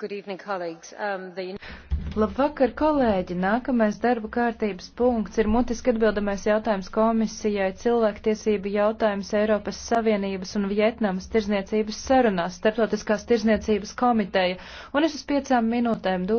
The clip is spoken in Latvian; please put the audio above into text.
Good evening, colleagues. Um, the... Labvakar, kolēģi! Nākamais darba kārtības punkts ir mutiski atbildamais jautājums komisijai cilvēktiesību jautājums Eiropas Savienības un Vietnamas tirzniecības sarunās starptautiskās tirzniecības komiteja. Un es uz piecām minūtēm dodu.